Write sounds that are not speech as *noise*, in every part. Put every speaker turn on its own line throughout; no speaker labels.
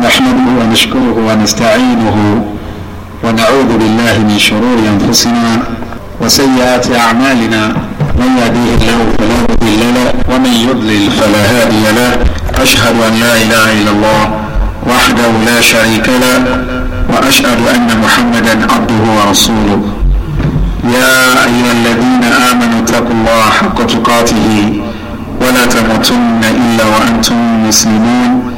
نحمده ونشكره ونستعينه ونعوذ بالله من شرور أنفسنا وسيئات أعمالنا من يهديه الله فلا مضل له ومن يضلل فلا هادي له أشهد أن لا إله إلا الله وحده لا شريك له وأشهد أن محمدا عبده ورسوله يا أيها الذين آمنوا اتقوا الله حق تقاته ولا تموتن إلا وأنتم مسلمون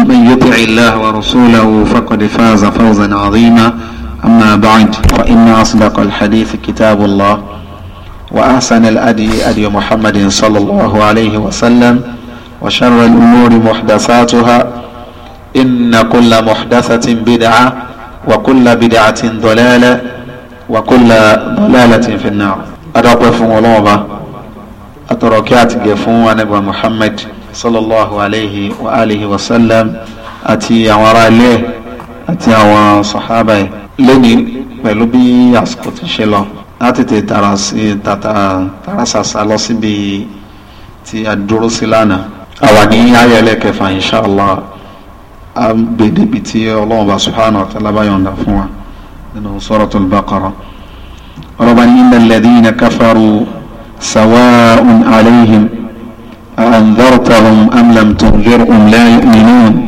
ومن يطع الله ورسوله فقد فاز فوزا عظيما أما بعد فإن أصدق الحديث كتاب الله وأحسن الأدي أدي محمد صلى الله عليه وسلم وشر الأمور محدثاتها إن كل محدثة بدعة وكل بدعة ضلالة وكل ضلالة في النار أدعو فون ولوبة أتركات جفون ابو محمد sallallahu alayhi wa alihi wa sallam àti àwọn ará ilé àti àwọn sàhábà ẹ̀ lónìí pẹ̀lú bí àsìkò ti ṣe lọ láti tètè tara sí tata tara sàṣà lọ síbi tí a dúró sí lánàá àwa ní ayẹlẹ kẹfà inshallah a gbèdé bi tí ọlọ́run bá subhanahu wa ta'ala fún wa nínú suratul baqara ọlọ́ba ní innal ladhina kafaru sawa'un alayhim. أأنذرتهم أم لم تنذرهم لا يؤمنون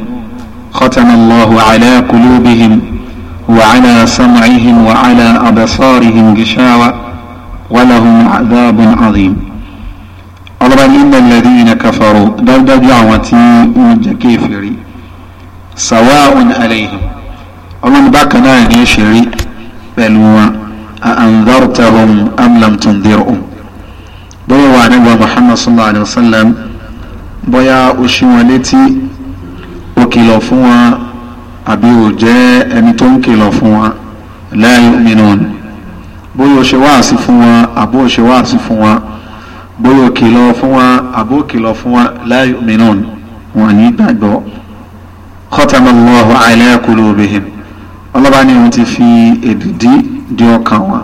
ختم الله على قلوبهم وعلى سمعهم وعلى أبصارهم غشاوة ولهم عذاب عظيم قال إن الذين كفروا دل دعوتي كفري سواء عليهم ومن بكنا يشري بل أأنذرتهم أم لم تنذرهم bóyá wà nígbà Muhammad sallallahu alayhi wa sallam bóyá ó ṣí wọn létí ó kìlọ̀ fún wọn àbí ó jẹ́ ẹni tó ń kìlọ̀ fún wọn la yu'minun bóyá ó ṣe wáàsí fún wọn àbó ó ṣe wáàsí fún wọn bóyá ó kìlọ̀ fún wọn àbó ó kìlọ̀ fún wọn la yu'minun wọn ní gbàgbọ́ khatamallahu ala qulubihim ọlọ́ba ni wọ́n ti fi èdìdí di ọkàn wọn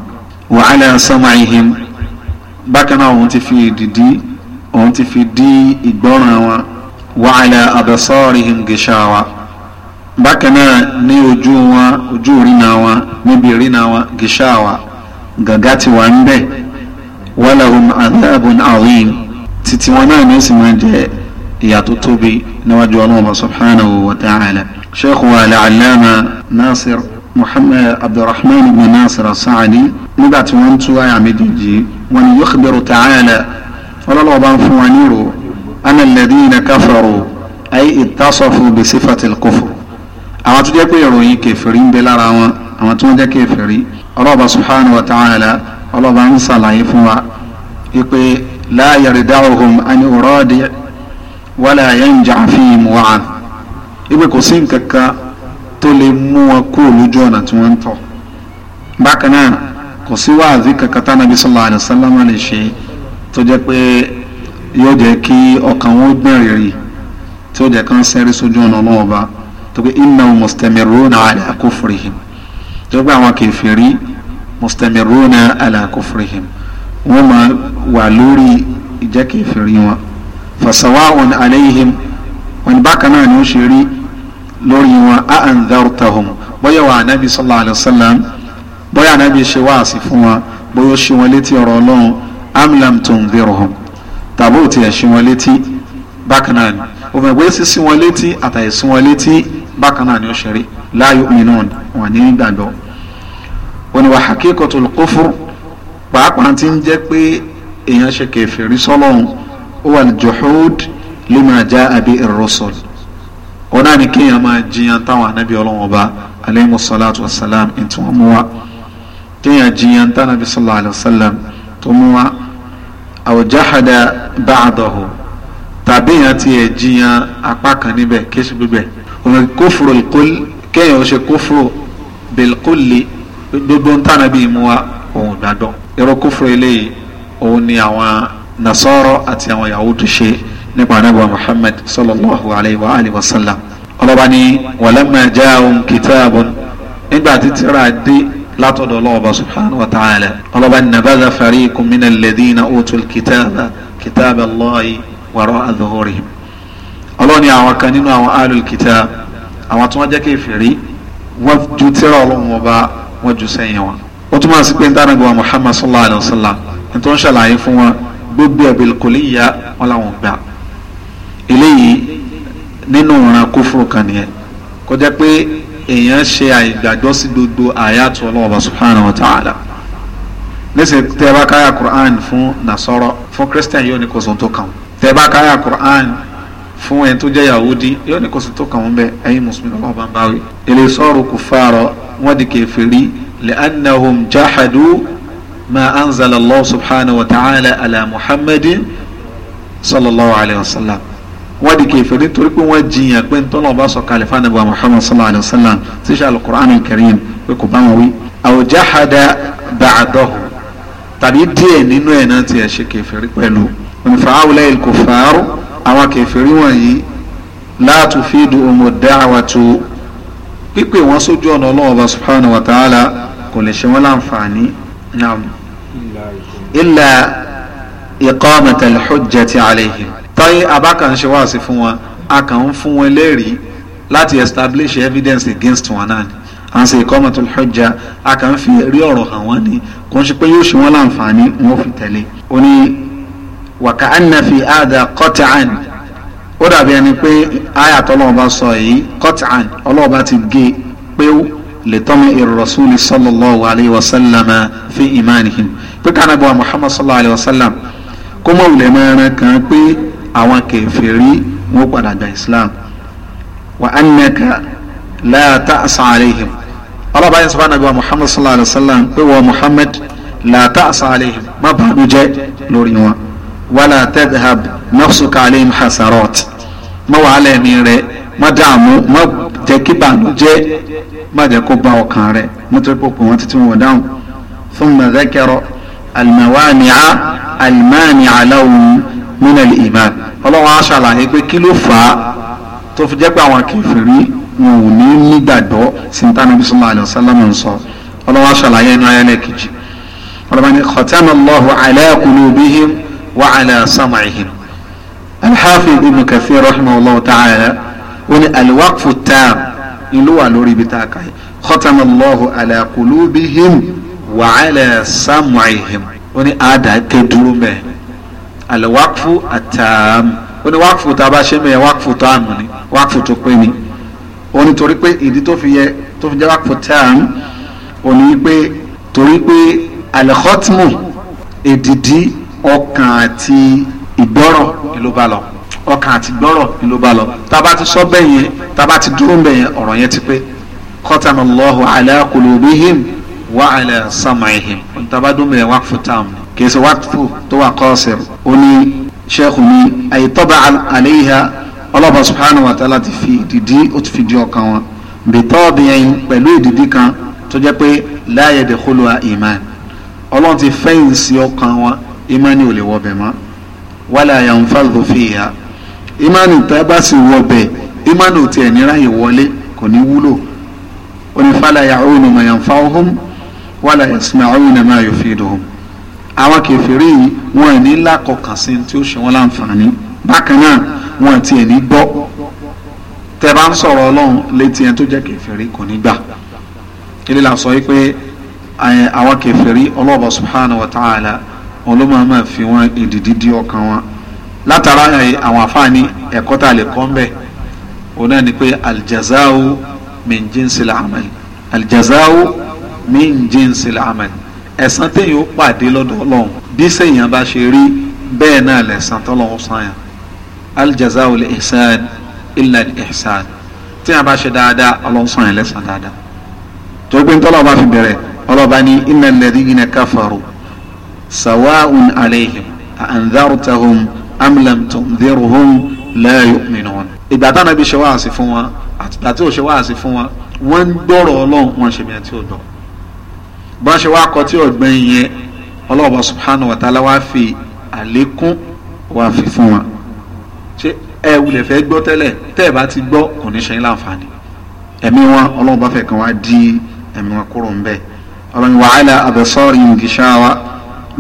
wa ala sam'ihim bákan náà òun ti fi ìdìdí òun ti fi dí ìgbọ́ràn wọn wa ala abasarihim gishawa bákan náà ní ojú wọn ojú ìrìnà wọn níbi ìrìnà wọn gishawa gàgá ti wà ń bẹ̀ walahum adhabun azim títí wọn náà ní ó sì máa jẹ ìyà tóbi níwájú ọlọ́run subhanahu wa ta'ala sheikh wa al-allama nasir muhammad abdulrahman ibn nasir as nígbà tí wọ́n ń tú àyà méjèèjì wọn ni yukhbiru ta'ala ọlọ́lọ́wọ́ bá ń fún wa nírò ana alladhina kafaru ayé ìtàsọ̀fù bi sifatil kufr àwọn tó jẹ́ pé ìròyìn kẹfìrí ń bẹ lára wọn àwọn tó ń jẹ́ kẹfìrí ọlọ́ọ̀bá subhanahu wa ta'ala ọlọ́ọ̀bá ń sàlàyé fún wa wípé la yarda'uhum an uradi wala yanja fihim wa'an wípé kò sí nǹkan tó lè mú wọn kúrò lójú ọ̀nà tí wọ́n ń tọ̀ bákan náà kò sí wáàzí kankan tá nàbí sallallahu alaihi wasallam lè ṣe tó jẹ́ pé yóò jẹ́ kí ọkàn wọn gbẹ̀rẹ̀ rí tí ó jẹ́ kán sẹ́rí sójú ọ̀nà náà ọba tó pé innahum mustamirruna ala kufrihim tó pé àwọn kèfèrí mustamirruna ala kufrihim wọ́n máa wà lórí ìjẹ́ kèfèrí wọn fasawa'un alayhim wọn bákan náà ni ó ṣe rí lórí wọn a bóyá wà nàbí sallallahu alaihi wasallam bóyá anábì ṣe wáàsí fún wa bóyá ó ṣe wọn létí ọ̀rọ̀ ọlọ́run amlam tunzirhum tàbí ó tiẹ̀ ṣe wọn létí bákan náà ni òfin ìgbé sísí wọn létí àtàìsí wọn létí bákan náà ni ó ṣe rí la wọn ní gbàgbọ́ oníwà haqiqatul kufur pàápàá ti ń jẹ́ pé èèyàn ṣe kèfèrí sọ́lọ́hún ó wà ní juhud lima jaa bi ar ọ̀nà ni kéèyàn máa jiyàn táwọn anábì ọlọ́wọ́n ọba alayhi salatu wassalam ẹ̀ tí wọ́n mú wa téèyàn jiyàn tánà bí sallallahu alayhi wa sallam tó mú wa aw jahada ba'dahu tàbí yàn tiẹ̀ jiyàn apá kan níbẹ̀ kéṣù gbígbẹ̀ òun kófòrò kéèyàn ó ṣe kófòrò bilkulli gbogbo ń tánà bí mu wa òun gbàgbọ́ irú kófòrò eléyìí òun ni àwọn nasọ́rọ̀ àti àwọn yahudu ṣe nípa anábọ̀ muhammad sallallahu alayhi wa alihi wa sallam ọlọ́ba ni walamma jaahum kitaabun nígbà tí tírà dé látọ̀dọ̀ ọlọ́ọ̀bà subhanahu wa ta'ala ọlọ́ba nabadha fariqun min alladhina utul kitaba kitaba Allahi wara'a dhuhurihim ọlọ́ni àwọn kan nínú àwọn alul kitab àwọn tí wọ́n jẹ́ kèfèrí wọ́n ju tírà ọlọ́run ọba wọ́n ju sẹ́yìn wọn. ó túmọ̀ sí pé ń dáná gbọ́n Muhammad sallallahu alayhi wa sallam ní tó ń ṣàlàyé fún wọn gbogbo ẹ̀bí kòlíyà wọn làwọn gbà. eléyìí nínú ìran kófòrò kan nìyẹn kó jẹ́ pé èèyàn ṣe àìgbàgbọ́ sí gbogbo àyàtọ̀ ọlọ́ọ̀bà subhanahu wa ta'ala nísìnyí tẹ́ bá káyà Qur'an fún nasọ́rọ́ fún christian yóò ní kò sùn tó kàn tẹ́ bá káyà Qur'an fún ẹni tó jẹ́ yahudi yóò ní kò sùn tó kàn bẹ́ẹ̀ ẹ̀yin mùsùlùmí ọlọ́ọ̀bà ń báwí. ilé sọ́ọ̀rù kufara wọ́n di kèfèrí li'annahum jahadu ma anzala subhanahu wa ta'ala ala muhammadin sallallahu alayhi wa sallam wọ́n di kèfèrí torí pé wọ́n jiyàn pé ntọ́nà ọba sọ kalẹ̀ fún anabi muhammad sallallahu alayhi wa sallam sísè alukur'an al-karim pé kò bá wọn wí. aw jahada ba'dahu tàbí díẹ̀ nínú ẹ̀ náà ti ẹ̀ ṣe kèfèrí pẹ̀lú nfa awulẹ̀ ilkufaaru àwọn kèfèrí wọ̀nyí la tufidu umu da'watu pípé wọn sójú ọ̀nà ọlọ́wọ́ subhanahu wa ta'ala kò lè ṣe wọn láǹfààní naam illa iqamata al-hujjati táyé abákànṣe wá sí fún wọn a kàn ń fún wọn lẹ́rìí láti establish evidence against wọn náà ni à ń ṣe ìkọ́mọ̀tò hujja a kàn ń fi rí ọ̀rọ̀ hàn wọ́n ni kò ń ṣe pé yóò ṣe wọ́n láǹfààní wọn ò fi tẹ̀lé. ó ní wàkà ànàfi àdà kọ́tàn ó dàbí ẹni pé ayàtọ̀ ọlọ́ọ̀bá sọ yìí kọ́tàn ọlọ́ọ̀bá ti gé e pé lè tọ́mọ ìrọ̀súlì àwọn kèfèrí wọn padà gba islam wa annaka la ta'sa alayhim ọlọ́ba yẹn sọ́bàá nàbíwá muhammad sallallahu alayhi wa sallam pé wọ́n muhammad la ta'sa alayhim má bàánú jẹ́ lórí wọn wala tadhhab nafsuka alayhim hasarat má wàá lẹ́ẹ̀mí rẹ̀ má dààmú má jẹ́ kí bàánújẹ́ má jẹ́ kó ba ọkàn rẹ̀ nítorí pé wọn títí wọn dáhùn thumma dhakara al-mawani'a al-mani'a lahum nínú ilé iman ọlọ́run á ṣàlàyé pé kí ló fà á tó fi jẹ́ pé àwọn kèfèrí wọn ò ní nígbàgbọ́ sí ní tánàbí sallallahu alaihi wasallam ń sọ ọlọ́run á ṣàlàyé inú ayẹlẹ kejì ọlọ́run ní khatama Allahu ala qulubihim wa ala sam'ihim al-Hafiz Ibn Kathir rahimahullahu ta'ala wọn ni al tam ìlú wà lórí ibi tá a kà yìí khatama Allahu àlẹ́wàkfù àtààmù ó ní wàkfù tá a bá ṣe mẹ́yẹ wàkfù tó àmù ni wàkfù tó pé ni ó ní torí pé ìdí tó fi yẹ tó fi jẹ́ wàkfù tààmù ó ní pé torí pé àlẹ́kọ́tìmù èdìdí ọkàn àti ìgbọ́rọ̀ ló bá lọ ọkàn àti gbọ́rọ̀ ló bá lọ tá a bá ti sọ bẹ́ẹ̀ yẹn tá a bá ti dúró bẹ́ẹ̀ yẹn ọ̀rọ̀ yẹn ti pé kọ́tàmù Allahu ala kulubihim wa ala sam'ihim tá a bá dún bẹ́ẹ̀ wàkfù tààmù ni kìí ṣe wákìtù tó wà kọ́ọ̀sẹ̀ ó ní sẹ́kù ní àyètọ́ba àléyà ọlọ́ba subhanahu wa ta'ala ti fi ìdìdí ó ti fi di ọkàn wọn bìtọ́ọ̀bì yẹn pẹ̀lú ìdìdí kan tó jẹ́ pé láàyè dẹ̀kọ́lù ìmán ọlọ́run ti fẹ́yìn sí ọkàn wọn ìmánì ò lè wọbẹ̀ mọ́ wálé àyànfàlù fìyà ìmánì tẹ́ bá sì wọbẹ̀ ìmánì ò tiẹ̀ ní ráyè wọlé kò ní wúlò onífàlà yàrá òun mà yànfà òhún wálé àyàsùnmà òun mà yòfìdùhún àwọn kẹfìrí yìí wọn ní lákọkàn sí tí ó ṣe wọn láǹfààní bákan náà wọn ti ẹ̀ ní gbọ́ tẹ bá ń sọ̀rọ̀ ọlọ́run létí ẹni tó jẹ́ kẹfìrí kò ní gbà ilé la sọ wípé àwọn kẹfìrí ọlọ́ọ̀bọ subhanahu wa ta'ala wọn ló máa máa fi wọn ìdìdí dí ọkàn wọn látara àwọn àfáàní ẹ̀kọ́ tá a lè kọ́ ń òun náà ni pé aljazao min jinsil amal aljazao min jinsil amal ẹ̀san téèyàn ó pàdé lọ́dọ̀ ọlọ́run bí sèèyàn bá ṣe rí bẹ́ẹ̀ náà lẹ̀san tọ́lọ́run sànyàn aljaza ul ihsan illa al ihsan téèyàn bá ṣe dáadáa ọlọ́run sànyàn lẹ́san dáadáa tó gbé ńtọ́lọ́ bá fi bẹ̀rẹ̀ ọlọ́ba ní innal ladhina kafaru sawa'un alayhim anzartahum am lam tunzirhum la yu'minun. ìgbà táwọn ibi ṣe wáàsí fún wọn àtìgbà tí ò ṣe wáàsí fún wọn wọ́n gbọ́rọ̀ ọlọ́run wọn ṣe mìíràn tí ò bá ṣe wá kọtí ọ̀gbìn yẹn ọlọ́ọ̀bà subhanahu wa ta'ala wá fi àlékún wá fi fún wa ṣé ẹ wulẹ̀ fẹ́ gbọ́ tẹ́lẹ̀ tẹ́ ẹ bá ti gbọ́ kò ní ṣe láǹfààní ẹ̀mí wọn ọlọ́ọ̀bà fẹ́ kàn wá di ẹ̀mí wọn kúrò ń bẹ̀ ọlọ́ni wàhálà abẹ́sọ́ọ̀rì gìṣáwa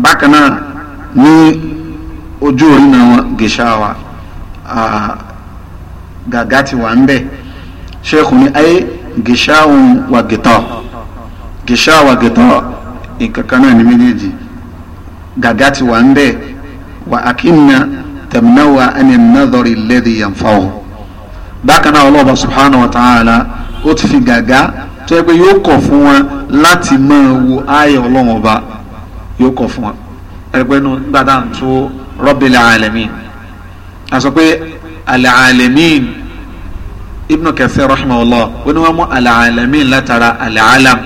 bákan náà ní ojú orí náà wọn gìṣáwa gàgá ti wà ń bẹ̀ ṣé kò ní ayé gìṣáwọn wà gìtọ́ọ̀ gìṣáwà gẹ̀tọ́ nǹkan kan náà ní méjèèjì gàgá ti wà ń bẹ̀ wà àkínná tẹ̀mínáwá ẹni nàdọ̀rì lẹ́dí yànfàwọ̀ bákan náà ọlọ́ọ̀bà subhanahu wa ta'ala ó ti fi gàgá tó yẹ pé yóò kọ̀ fún wọn láti máa wo ayé ọlọ́wọ́n ọba yóò kọ̀ fún wọn ẹgbẹ́ gbàdá tó rabbil alamin a sọ pé alaalamin ibnu Kathir rahimahullah wọn ni wọn mú alaalamin látara alaalam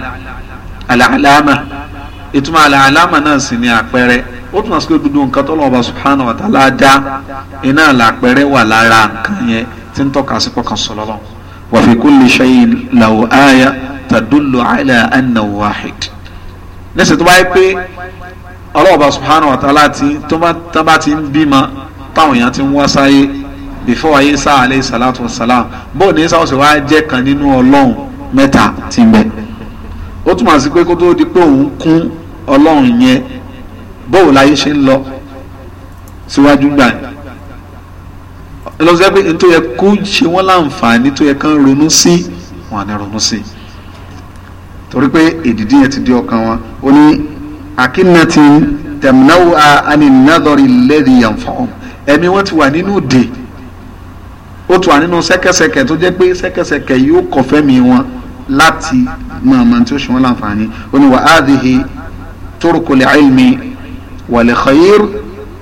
alàlámà ìtumọ̀ alàlámà náà sì ni àpẹẹrẹ ó túmọ̀ sí pé gbogbo nǹkan tó lọ́wọ́ bá subhanahu wa ta'ala dá iná làpẹẹrẹ wà lára nǹkan yẹn tí ń tọ́ka sí pọ̀kan sọlọ́lọ́ wa fi kulli shay'in lahu aya tadullu ala annahu wahid nísìnyí tó bá yẹ pé ọlọ́wọ́ bá subhanahu wa ta'ala ti tó bá ti ń bímọ táwọn èèyàn ti ń wá sáyé before ayé sáà aleyhi salatu wa salam bóun ní sáwọ́sì wá jẹ́ kan nínú ọlọ́run mẹ́ta ti ń ó túmọ̀ sí pé kó tó di pé òun kún ọlọ́run yẹn bóò láyé ṣe ń lọ síwájú gbà lọ́sẹ̀ pé ní tó yẹ kó ṣe wọ́n láǹfààní tó yẹ kán ronú sí wọn àní ronú sí torí pé èdìdí yẹn ti di ọkàn wọn ó ní akínàtì tẹ̀mínáwó anínádọ́rì lẹ́rìí yànfọ́n ẹ̀mí wọn ti wà nínú dè ó tún wà nínú sẹ́kẹsẹkẹ tó jẹ́ pé sẹ́kẹsẹkẹ yóò kọ̀fẹ́ mi wọn láti mọ àmọ́ tí ó ṣe wọ́n láǹfààní ó ní wà á dìhì turuku li ilmi wà li khayr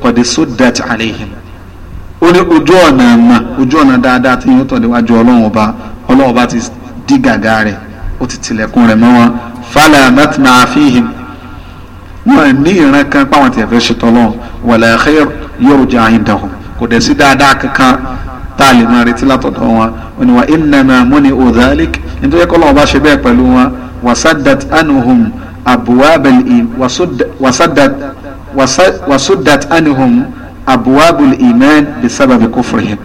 qad suddat alayhim ó ní ojú ọ̀nà àmà ojú ọ̀nà dáadáa tí yóò tọ̀lé wájú ọlọ́run ọba ọlọ́run ọba ti dí gàgà rẹ̀ ó ti tilẹ̀kùn rẹ̀ mọ́ wọn fala matna fihim wọn ní ìran kan páwọn tiẹ̀ fẹ́ ṣe tọ́lọ́ wala khayr yurja indahum kò dẹ̀ sí dáadáa kankan tá a lè máa retí látọ̀dọ̀ wọn oníwà innama muni udhalik nítorí kọ́ lọ́wọ́ bá ṣe bẹ́ẹ̀ pẹ̀lú wọn wasaddat anuhum abuwabel wasaddat wasuddat anuhum abuwabel iman bisababi kufrihim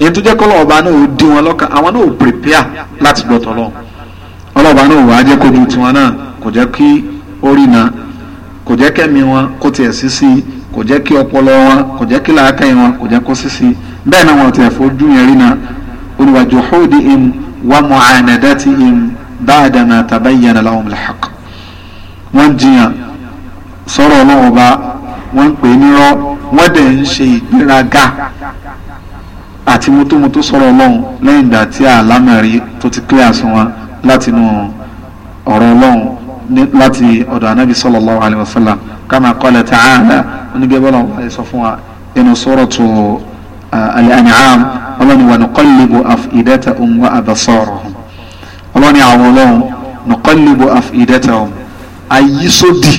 èyí tó jẹ́ kọ́ lọ́wọ́ bá náà ó dín wọn lọ́kàn àwọn náà ò prepare láti dọ̀tọ̀ lọ ọlọ́ọ̀bá náà wàá jẹ́ kojú tiwọn náà kò jẹ́ kí orí náà kò jẹ́ kẹ́mi wọn kó tiẹ̀ sí sí kò jẹ́ kí ọpọlọ wọn kò jẹ́ kí làákàyè wọn kò jẹ́ kó sí sí bẹ́ẹ̀ náà wọn ti fojú yẹn rí náà olùwà juhudihim wa mu'anadatihim ba'da ma tabayyana lahum al-haqq wọ́n jiyàn sọ̀rọ̀ ọlọ́run ọba wọ́n ń pè é nírọ́ wọ́n dẹ̀ ń ṣe ìgbéraga àti mọ́tòmọ́tò sọ̀rọ̀ ọlọ́run lẹ́yìn ìgbà tí àlámẹ̀rí tó ti clear sí wọn látinú ọ̀rọ̀ ọlọ́run láti ọ̀dọ̀ anábì sallallahu alayhi wa sallam kama qala ta'ala onígbẹ́bọ́lọ́ sọ fún wa inú suratu al-an'am ọlọ́ni wà nuqallibu af'idatahum wa absarahum ọlọ́ni àwọn ọlọ́run nuqallibu af'idatahum àyísódì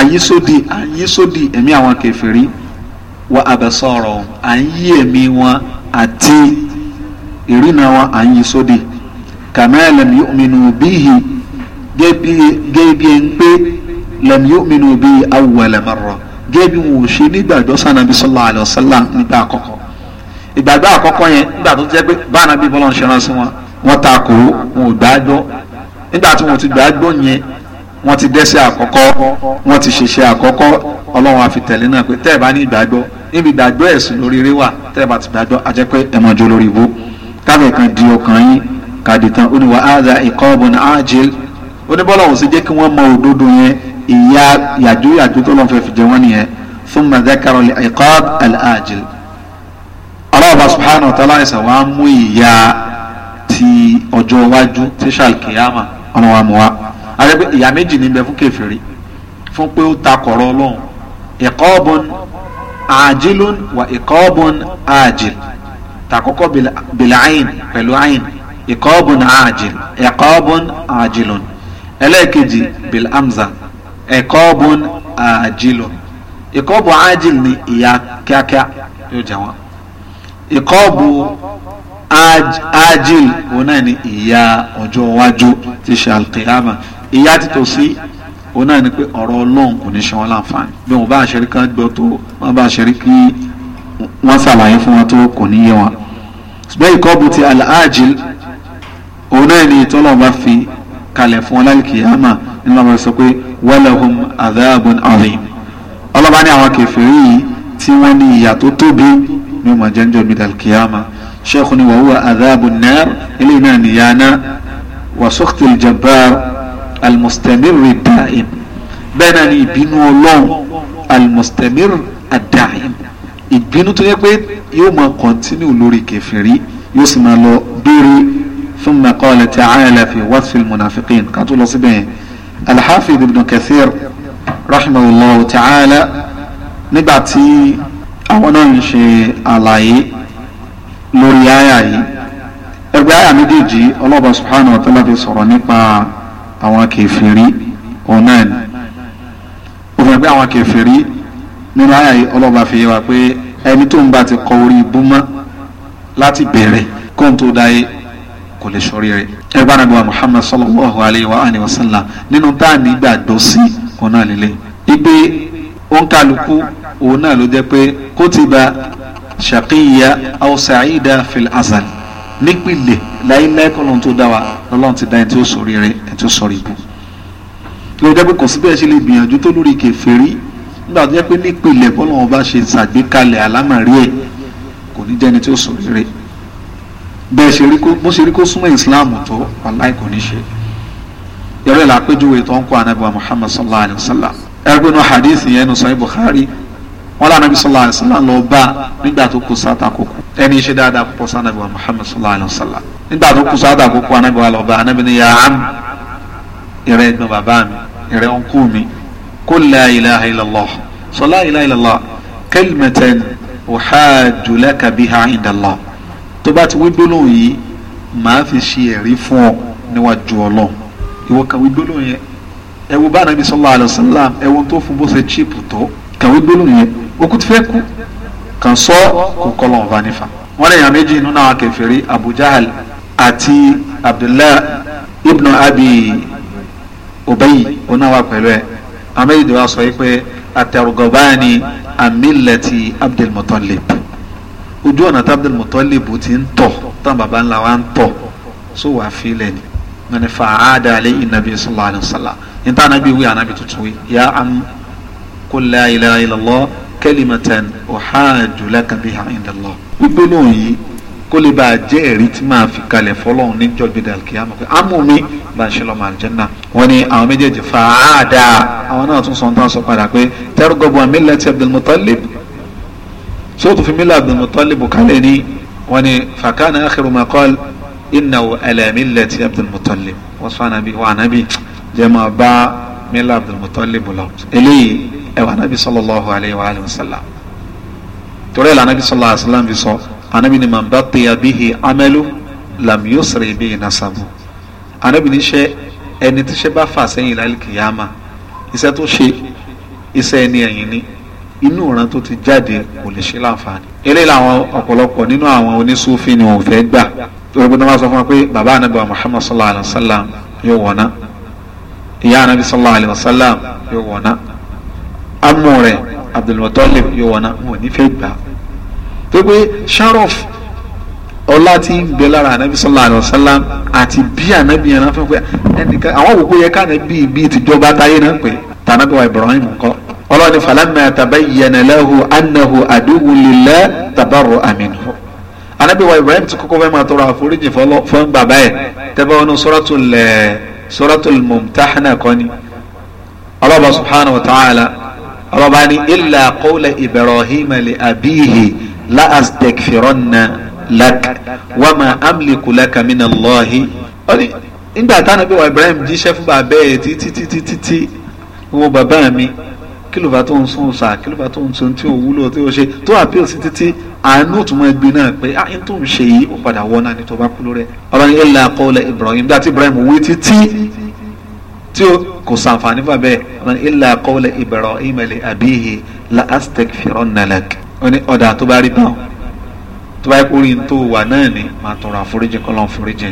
àyísódì àyísódì ẹ̀mí àwọn kèfèrí wa absarahum à ń yí ẹ̀mí wọn àti ìrìnà wọn à ń yí sódì kama lam gẹ́bí ẹ̀ ń pé lam yu'minu bihi awwala marra gẹ́bí wọn ò ṣe nígbàgbọ́ sànàbí sallallahu alaihi nígbà àkọ́kọ́ ìgbàgbọ́ àkọ́kọ́ yẹn nígbà tó jẹ́ pé báàna bí bọ́lá ń ṣe ránṣẹ́ wọn wọ́n ta kò ó wọn ò gbàgbọ́ nígbà tí wọn ti gbàgbọ́ yẹn wọ́n ti dẹ́ṣẹ̀ àkọ́kọ́ wọ́n ti ṣèṣe àkọ́kọ́ ọlọ́run àfitẹ̀lé náà pé tẹ́ẹ̀ bá ní ìgbàgbọ́ níbi ìgbàgbọ́ ẹ̀sìn lórí eré wà tẹ́ẹ̀ bá ti gbàgbọ́ a jẹ́ pé ẹ̀mọ́jọ́ lórí ìbò káfíń kan di ọkàn yín kàdé tán ó ní wà áàdà ìkọ́ọ̀bùn ájìl ó ní bọ́lá òun sì jẹ́ kí wọ́n mọ òdodo yẹn ìyá yàjú yàjú tó lọ́n fẹ́ fi jẹ wọ́n nìyẹn fún mọ̀dẹ́kàrọ̀ ìkọ́ọ̀bùn ájìl ọlọ́ọ̀bá subhanahu wa ta'ala ẹ̀sán wa mú ìyá ti ọjọ́ iwájú tíṣàl kìyàmà ọmọ wa mú wa àrẹ́gbẹ́ ìyá méjì níbẹ̀ fún kẹfìrí fún pé ó ta kọ̀rọ̀ ọlọ́run iqabun ajilun wa iqabun ajil takọ́kọ́ bilayin pẹ̀lú ayin iqabun ajil iqabun ajilun ẹlẹ́ẹ̀kejì bilamza iqabun ajilun iqabun ajil ni ìyá kíákíá yóò jẹ wọn ìkọ́ọ̀bù ajil òun náà ni ìyà ọjọ́ iwájú ti ṣe alkiyama ìyà títò sí òun náà ni pé ọ̀rọ̀ ọlọ́run kò ní ṣe wọn láǹfààní bí wọn bá àṣẹrí kan gbọ́ tó wọn bá àṣẹrí kí wọ́n ṣàlàyé fún wọn tó kò ní yé wọn. ṣùgbọ́n ìkọ́ọ̀bù ti alajil òun náà ni ìtọ́lọ̀ bá fi kalẹ̀ fún wọn lálkiyama nínú àwọn sọ pé walahum adhabun azim ọlọ́ba ní àwọn kèfèrí yìí tí wọ́n ní ìyà tó tóbi ní ọmọ jẹ́njọ́ bíi alkiyama sheikhu ni wàhùwà adhabu nar eléyìí náà nìyànà wà sọ́kìtì aljabar almustamiri da'im bẹ́ẹ̀ náà ni ìbínú ọlọ́run almustamiri da'im ìbínú tó yẹ pé yóò máa kọ́ntínú lórí kẹfìrí yóò sì máa lọ dórí ثم قال تعالى في وصف المنافقين قاتل اصبعين الحافظ ابن كثير رحمه الله تعالى نبعتي àwọn náà ń ṣe àlàyé lórí àyà yìí ẹgbẹ́ àyà méjèèjì ọlọ́ba subhanahu wa ta'ala fi sọ̀rọ̀ nípa àwọn kèfèrí òun náà ni ó fẹ́ pé àwọn kèfèrí nínú àyà yìí ọlọ́ba fi yé wa pé ẹni tó ń bá ti kọ orí ibú láti bẹ̀rẹ̀ kó n tó dáyé kò lè sọrí rẹ̀ ẹgbẹ́ àgbà Muhammad sallallahu alayhi wa alayhi wa sallam nínú táà nígbàgbọ́ sí òun náà líle ìgbé òǹkàlùkù òun náà ló jẹ́ pé kótìbà ṣàkíyà ọ̀sàìdà fìl azal nípìnlẹ̀ láíláí kọ́lọ́n tó dá wa lọ́lọ́run ti dá ẹni tí ó sọ̀rí rẹ ẹni tí ó sọ̀rí ibù ló jẹ́ pé kò sí bẹ́ẹ̀ ṣe lè gbìyànjú tó lórí kèfèrí nígbà tó jẹ́ pé nípìnlẹ̀ bọ́lọ́run bá ṣe ṣàgbékalẹ̀ àlámàrí ẹ̀ kò ní jẹ́ ẹni tí ó sọ̀rí rẹ bẹ́ẹ̀ ṣe rí kó bó ṣe rí kó súnmọ́ ìsìláàmù tó wàláì kò ní ṣe yọrọ ìlà àpéjúwe tó ń kọ́ anábìwá Muhammad sallallahu alayhi wa sallam ẹgbẹ́ nu hadith yẹn nu sahih Bukhari wọn lànà bí sọlá àlùsọ náà lọ bá nígbà tó kù sáta kókó ẹni ṣe dáadáa púpọ̀ sáà nàbí wa muhammed sọlá àlùsọ là nígbà tó kù sáta kókó anábì wa lọ bá anábì ni yà á ìrẹ ẹ̀gbọ́n bàbá mi ìrẹ ọkú mi kó la ilaha illallah sọ la ilaha illallah kalimatan uhajju laka biha indallah tó bá ti wí gbólóhùn yìí màá fi ṣe ẹ̀rí fún ọ níwájú ọlọ́run ìwọ kàwé gbólóhùn yẹn ẹ bá anábì sọlá àlùsọ là ẹ tó fún bó ṣe chíìpù tó kàwé gbólóhùn yẹn òkú ti fẹ́ kú kàn sọ kò kọlọ̀ ọ̀fà nífa wọn lè yàn méjì nínú àwọn kèfèrí Abu Jahal àti Abdullah ibn Abi Ubayy onáwà pẹ̀lú ẹ̀ àwọn méjì wá sọ pé àtẹrùgọ̀báni amílẹ̀tì Abdul ojú ọ̀nà tí Abdul ti ń tọ̀ tán baba ńlá wa ń tọ̀ so wàá fi ilẹ̀ ni wọn ni fàáda alẹ́ ìnàbí sallallahu alayhi wa sallam níta anabi wí anabi tuntun wí ya am kò la ilaha kalimatan uhajju laka biha inda Allah gbígbóná yìí kó lè bá a jẹ́ ẹ̀rí tí máa fi kalẹ̀ fọlọ́run níjọ́ gbé dàlùkì àmọ́ pé ámú mi bá a ṣe lọ́mọ àlùjẹ́nà wọ́n ní àwọn méjèèjì fàáda àwọn náà tún sọ tán sọ padà pé targabu an millati Abdul Muttalib sóòtù fi mílẹ̀ Abdul Muttalib kalẹ̀ ní wọ́n ní fakana akhiru ma qala innahu ala millati wọ́n sọ ànábì ẹwà anabi sallallahu alayhi wa alayhi wa sallam torí ẹ̀ lànàbi sallallahu alayhi wa sallam fi sọ anabi ni man batiya bihi amalu lam yusri bihi nasabu anabi ni iṣẹ́ ẹni tí iṣẹ́ bá fà sẹ́yìn láìlì kìyàmà iṣẹ́ tó ṣe iṣẹ́ ẹni ẹ̀yìn ni inú ìran tó ti jáde kò lè ṣe láǹfààní. eléyìí làwọn ọ̀pọ̀lọpọ̀ nínú àwọn onísúfì ni wọn ò fẹ́ gbà torí pé wọ́n sọ fún wa pé bàbá anabi wa muhammad sallallahu alayhi wa sallam yóò wọ̀ná ìyá anabi sallallahu alayhi wa sallam yóò wọ̀ná amú rẹ̀ abdulmutalib yóò wọná wọn nífẹ̀ẹ́ gbà tó pé sharaf ọlá tí ń bẹ lára anabi sallallahu alayhi wa sallam àti bí anabi yẹn náà fẹ́ pé ẹnìkan àwọn òkú yẹ ká anabi bíi tìjọba táyé náà pé tànàbí wa ibrahim kọ́ ọlọ́ni falamma tabayyana lahu annahu aduwwun lillah tabarra'a minhu anabi wa ibrahim ti kọ́kọ́ fẹ́ máa tọrọ àforíjì fún bàbá ẹ̀ tẹ́bá wọn suratul eh, suratul mumtahana kọ́ni Allah subhanahu wa ta'ala ọlọ́ba ní illa qawla Ibrahim li abihi la astaghfiranna lak wa ma amliku laka minallahi ọ̀nì nígbà táwọn bí wa Ibrahim jíṣẹ́ fún bàbá ẹ̀ títí títí títí wọn bàbá mi kí ló bá tó ń sún sà kí ló bá tó ń sún tí ò wúlò tí ò ṣe tó àpíl sí títí àánú tó máa náà pé àyín ah, tó ń ṣe yìí ó padà wọ́n náà ní tó bá kú lórí ẹ̀ ọlọ́run ilẹ̀ àkọọ́lẹ̀ Ibrahim tí o kò sànfàní fún abẹ́ ọ̀nà illa qawla Ibrahim li abihi la astaghfirunna lak. ó ní ọ̀dà tó bá rí báwọn tó bá kórè tó wà náà ni màá tọrọ àforíjì kọ́ lọ́n foríjì.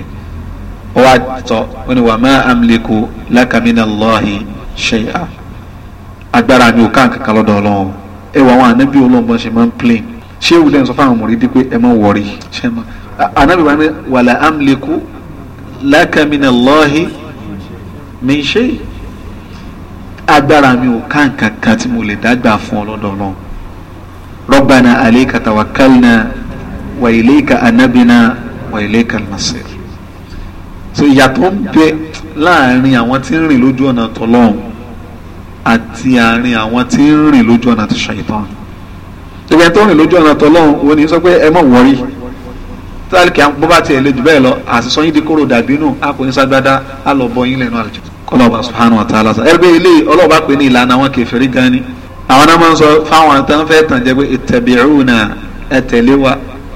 ó wá tọ́ ó ní wa ma amliku laka minallahi shay'a. agbára mi ò ká nǹkan kan lọ́dọ̀ ọlọ́run ẹ wà wọn ànábì olóńgbọ́n ṣe máa ń plane ṣé ìwúlẹ̀ ń sọ fáwọn mi ṣe agbára mi ò ká nǹkan kan tí mo lè dágbà fún ọ lọ́dọ̀ náà rabbana alayka tawakkalna wa ilayka anabina wa ilayka so ìyàtọ̀ ń bẹ láàrin àwọn tí ń rìn lójú ọ̀nà tọlọ́hun àti àárín àwọn tí ń rìn lójú ọ̀nà ti ṣàìtàn ìgbà tó ń rìn lójú ọ̀nà tọlọ́hun òun ni sọ pé ẹ mọ̀ wọ́rí táàlì kí bó bá tiẹ̀ lè jù bẹ́ẹ̀ lọ àṣìṣọ́ yín di kóró dàbí nù a kò ní sagbada a lọ bọ yín lẹ́nu àlùjọ ọlọ́ọ̀bá subhanahu wa ta'ala sọ ẹ̀rọ ilé ọlọ́ọ̀bá pè ní ìlànà àwọn kèfèrí gan ni àwọn náà máa ń sọ fáwọn tó ń fẹ́ tàn jẹ́ pé ittabi'una ẹ tẹ̀lé wa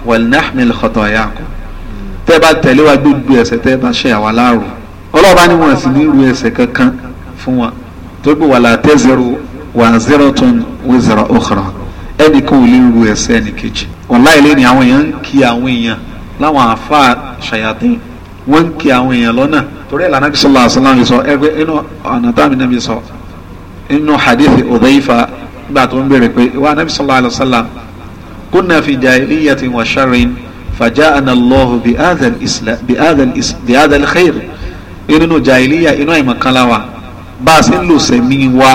wal nahmil khatayakum tẹ́ bá tẹ̀lé wa gbogbo ẹ̀ṣẹ̀ tẹ́ bá ṣe àwa láàrú ọlọ́ọ̀bá ni wọ́n sì ní irú ẹ̀ṣẹ̀ kankan fún wa tó gbé wala taziru waziratun wizra ukhra ẹnìkan ò lè ru ẹ̀ṣẹ̀ ẹnìkejì wallahi lẹ́ni àwọn èèyàn ń kí àwọn èèyàn láwọn àáfàá ṣàyàtìn wọ́n ń kí àwọn èèyàn lọ́nà torí ẹ̀ lànà bisalòlá asalaam sọ ẹgbẹ́ inú ọ̀nà táwọn nàbí sọ inú hadith Udhayfa nígbà tó ń bèrè pé wa nàbí sallallahu alayhi wa sallam kunna fi jahiliyatin wa sharrin faja'ana Allahu bi adha al-islam bi adha al-islam bi inú jahiliya inú bá a sì ń lò sẹ́mi wa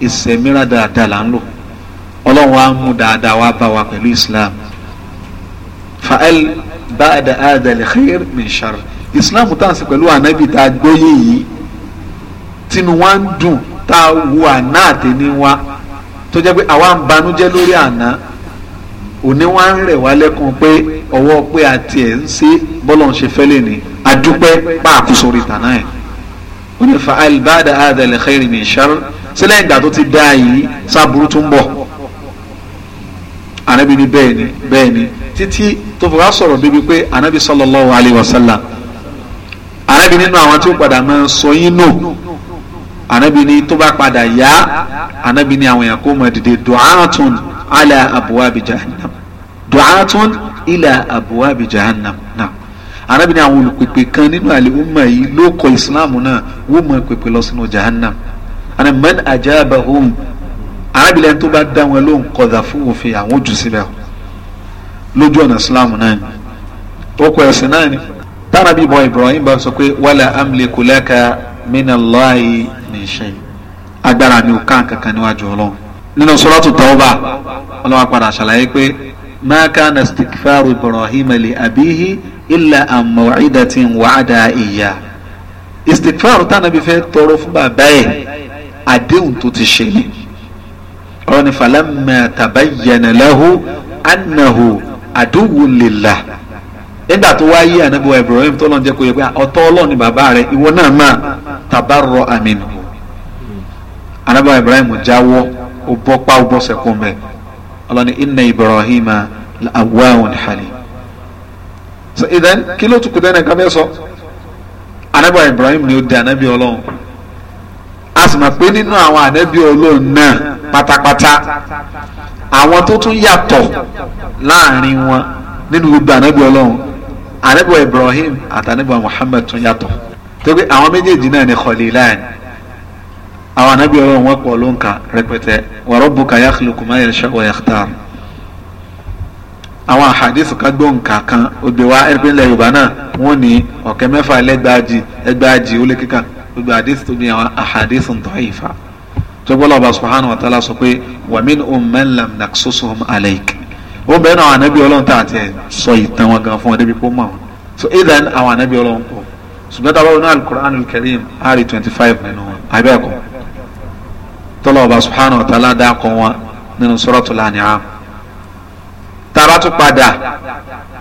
ìsẹ̀mìíràn dáadáa là ń lò ọlọ́run wa mú dáadáa wá bá wa pẹ̀lú islam fa'al ba'da adha al-khair min islam tá à ń sìn pẹ̀lú ànábì tá a gbóyè yìí tínú wa ń dùn tá a wo àná àtẹni wa tó jẹ́ pé àwa ń banújẹ́ lórí àná òní wa ń rẹ̀ wá lẹ́kùn pé ọwọ́ pé àti ẹ̀ ń ṣe bọ́lọ̀ ń ṣe fẹ́lẹ̀ ni adúpẹ́ pààkó sórí tàná ẹ̀ ó ní fa alibada adalẹ xeyiri mi ṣar sílẹ̀ ìgbà tó ti dá yìí sábúrú tó ń bọ̀ anabi ni bẹ́ẹ̀ ni bẹ́ẹ̀ ni títí tó fi sọ̀rọ̀ bíbi pé anabi sallallahu alayhi wa sallam ànábì nínú àwọn tí ó padà máa sọ yín nù ànábì ní tó bá padà yá ànábì ní àwọn èèyàn kó mọ dìde du'atun ala abwabi jahannam du'atun ila abwabi jahannam náà ànábì ní àwọn olùpèpè kan nínú àlùmọ̀ yìí ló kọ ìsìláàmù náà wọ́n mọ pèpè lọ sínú jahannam àná man ajabahum ànábì lẹ́ni tó bá dá wọn lóhùn kọ̀dà fún òfin àwọn ojú síbẹ̀ lójú ọ̀nà ìsìláàmù náà ni ó kọ ẹ̀sìn náà ni tánàbí bọ́ Ibrahim bá sọ pé wàlà amliku laka minallahi min shay agbára mi ò kàn kankan níwájú ọlọ́run
nínú suratu Tawbah
ọlọ́wà padà ṣàlàyé pé ma kana istikfaru Ibrahim li abihi illa an maw'idatin wa'ada iya istikfaru tánàbí fẹ́ tọrọ fún bàbá ẹ̀ àdéhùn tó ti ṣe ni ọ̀rọ̀ ni falamma tabayyana lahu annahu aduwwun lillah nígbà tó wáyé ànábọ̀ Ibrahim tó lọ́n jẹ́ kó yẹ pé ah, ọ̀tọ̀ Ọlọ́run ni bàbá rẹ̀ ìwọ náà máa tabarọ aminu ànábọ̀ Ibrahim jáwọ́ ó bọ́ pa ó bọ́ sẹ́kùn mẹ́ ọlọ́ni inna Ibrahim awáhùn halim. so idan kí ló tukùtà ẹ̀ nìkan fẹ́ sọ ànábọ̀ Ibrahim ni ó di ànábì Ọlọ́run a sì mọ̀ pé nínú àwọn ànábì Ọlọ́run náà pátápátá àwọn tó tún yàtọ̀ láàrin wọn nínú gbogbo ànábì Ọlọ́run anabi wa ibrahim àti anabi wa muhammad tún yàtọ̀ torí àwọn méjèèjì náà ni khalilan àwọn anabi ọlọ́run wọn pọ̀ ló ń kà rẹpẹtẹ wa rabbuka yakhluqu ma yasha'u wa yakhtar àwọn àhàdìsì ká gbọ́ nǹkan kan ògbé wa ẹ̀rẹ́pẹ̀lẹ̀ yorùbá náà wọ́n ní ọ̀kẹ́ mẹ́fà lẹ́gbàájì ẹgbàájì ó lé kíkà gbogbo àdìsì tó bí àwọn àhàdìsì ń tọ́ ìfà tó gbọ́dọ̀ ọba subhanahu wa ta'ala sọ pé wa minhum man lam o bẹ́ẹ̀ na àwọn ànábì ọlọ́run tá so itan sọ fun wọn gan so either àwọn ànábì ọlọ́run pọ̀ ṣùgbọ́n tá a alukur'an ari twenty five nínú wọn abẹ́ ẹ̀kọ́ tọ́lọ̀ ọba subhanahu wa ta'ala dá kọ́ wọn nínú a tún padà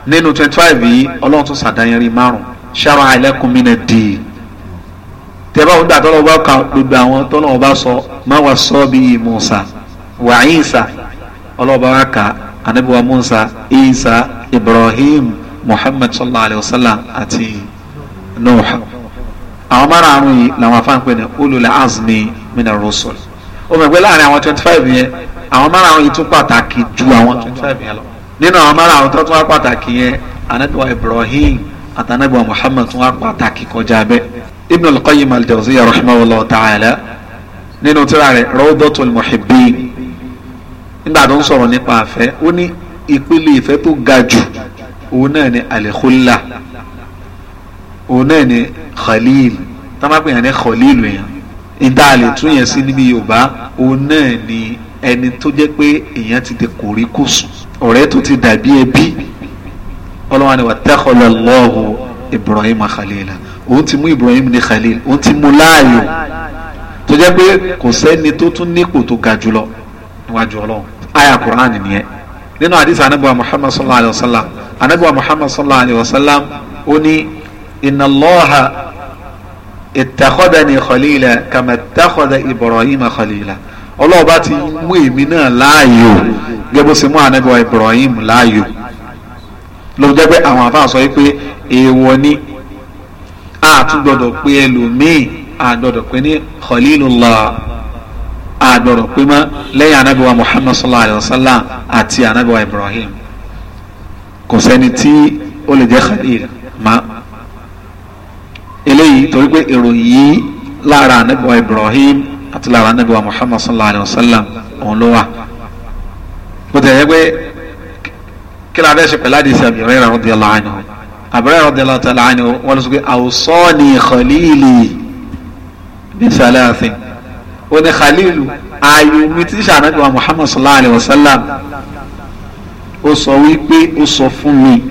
nínú twenty five yìí ọlọ́run tún sàdáyẹrí márùn shara'a lakum mina d-din tẹ́bá wọn gbà tọ́lọ́ ọba kan gbogbo àwọn tọ́lọ́ ọba sọ má wà Musa anabi wa musa isa ibrahim muhammad sallallahu alayhi wa sallam àti nuh àwọn márààrún yìí làwọn afáǹpẹ ní ulul azmi mina rusul ó mọ̀ pé láàrin àwọn twenty five yẹn àwọn márààrún yìí tún pàtàkì ju àwọn twenty five yẹn lọ nínú àwọn márààrún tó tún wá pàtàkì yẹn anabi wa ibrahim àti anabi wa muhammad tún wá pàtàkì kọjá bẹ́ẹ̀ ibn al-qayyim al-jawziyya rahimahullah ta'ala nínú tírà rẹ̀ rawdatul muhibbin nígbà tó ń sọ̀rọ̀ nípa àfẹ́ ó ní ìpele ìfẹ́ tó ga jù òun náà ni alẹ́kọ́lá òun náà ni khalil tábàpẹ̀ yẹn ni khalil yẹn níta lè tún yẹn sí níbi yorùbá òun náà ni ẹni tó jẹ́ pé èèyàn ti di kòríkòsùn ọ̀rẹ́ tó ti dàbí ẹbí ọlọ́wọ́n ni wà tẹ́kọ̀lọ́ lọ́hùn ibrahim khalila òun ti mú ibrahim ní khalil òun ti mú láàyò tó jẹ́ pé kò sẹ́ni tó tún nípò tó ga jùlọ níwájú ọlọ́run aya quran nìyẹn eh. nínú àdìsí anabiwa muhammad sallallahu alayhi wa sallam anabiwa muhammad sallallahu alayhi wa sallam ó ní inna allaha ittakhadani khalila kama ittakhada ibrahima khalila ọlọ́ọ̀bá ti mú èmi náà láàyò gẹ́gbó sí mú anabiwa ibrahim láàyò ló jẹ́ pé àwọn àfáà sọ wípé èèwọ̀ ni a tún gbọ́dọ̀ pé ẹlòmíì a gbọ́dọ̀ pé ní khalilullah àgbọ̀rọ̀ pé mọ́ lẹ́yìn ànábì wa Muhammad sallallahu alayhi wa sallam àti ànábì wa Ibrahim kò sẹ́ni tí ó lè jẹ́ khalil ma eléyìí torí pé ìròyìn yìí lára ànábì wa Ibrahim àti lára ànábì wa Muhammad sallallahu alayhi wa sallam òun ló wà bó ti yẹ pé kí ló ṣe pẹ̀lú àdìsí Abi Hurairah radiyallahu anhu Abi Hurairah radiyallahu ta'ala lọ sọ pé awsani khalili bi salasin oní khalilu ààyò mi tí sànàgbà muhammad sallallahu alayhi wa sallam ó sọ wípé ó sọ fún mi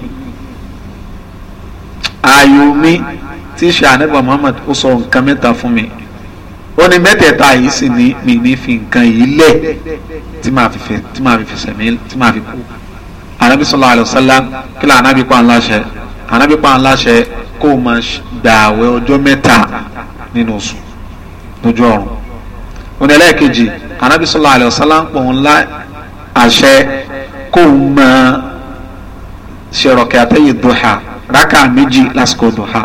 ààyò mi tí sànàgbà muhammad ó sọ nǹkan mẹ́ta fún mi ó ní mẹ́tẹ̀ẹ̀ta yìí sì ní mi ní fi nǹkan yìí lẹ̀ tí màá fi fẹ́ tí màá fi fẹsẹ̀ mi tí màá fi kú anabi sallallahu alayhi wa sallam anabi pa ńlá anabi pa ńlá kó o máa gbààwẹ̀ ọjọ́ mẹ́ta nínú oṣù lójú ọ̀run òní ẹlẹ́ẹ̀kejì anabi sallallahu alayhi wa sallam pọ̀ ńlá àṣẹ kó o mọ ṣèrọ̀kẹ́ àtẹ̀yẹ duha rákà méjì lásìkò duha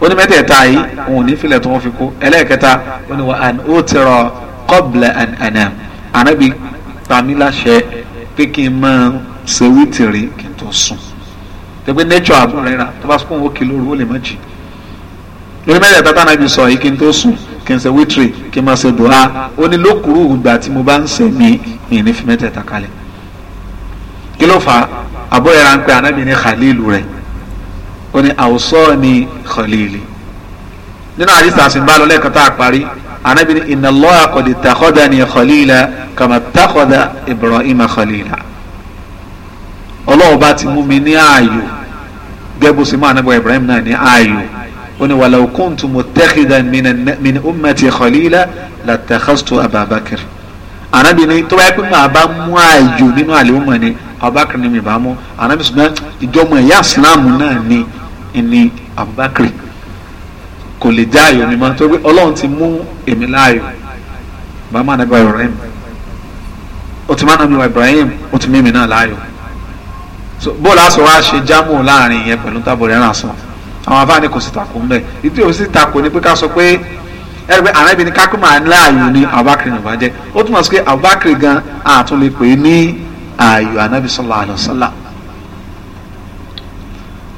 òní mẹ́tẹ̀ẹ̀ta yìí òun ní filẹ̀ tó wọ́n fi kú ẹlẹ́ẹ̀kẹta òní wa an ó ti rọ qabla an anam anabi pami láṣẹ pé kí n máa ṣe wítìrì kí n tó sùn tẹ́gbẹ́ nature àbúrò rẹ̀ rà tó bá sùn kó o kìlọ̀ òru ó lè má jì lórí mẹ́tẹ̀ẹ̀ta tánàbí kí n ṣe wítìrì kí n máa ṣe dùhà ó ní lókùrú ìgbà tí mo bá ń sẹ̀mí mi ní fi mẹ́tẹ̀ẹ̀ta kalẹ̀ kí ló fà á àbọ̀yẹ̀rà ń pè ànábì ní khalilu rẹ̀ ó ní àwùsọ ní khalili nínú àdìsá àsìnbá lọ lẹ́ẹ̀kan tá a parí ànábì ní inna Allaha qad ittakhadhani khalila kama ittakhadha Ibrahima khalila ọlọ́wọ́ ti mú mi ní ààyò gẹ́gẹ́ bó mú ànábì Ibrahim náà ní ààyò oni walaw kuntu mutakhidan min ummati khalila latakhastu ababakir anabi ni tó báyìí pé màá bá mú ààyò nínú àlèhùnmọ̀ ni abubakar ni mi bá mú anabi sùnmọ́ ìjọmọ ẹ̀yà ìsìláàmù náà ni ni abubakar kò lè já ààyò mi mọ́ tó pé ọlọ́run ti mú èmi láàyò bàmá anabi wa ibrahim ó ti má anabi ibrahim ó ti mímì náà láàyò bó lásán wá ṣe jámù láàrin yẹn pẹ̀lú tábìlì ẹ̀ràn sàn àwọn afáàní kò sì takò ńbẹ ìdí òsì takò ni pé ká sọ pé ẹrù pé àrẹ́bí ni kákùmá láàyò ni abubakar nìbà jẹ ó túmọ̀ sí pé abubakar gan àtún lè pè é ní ààyò anabi sallallahu alaihi wasallam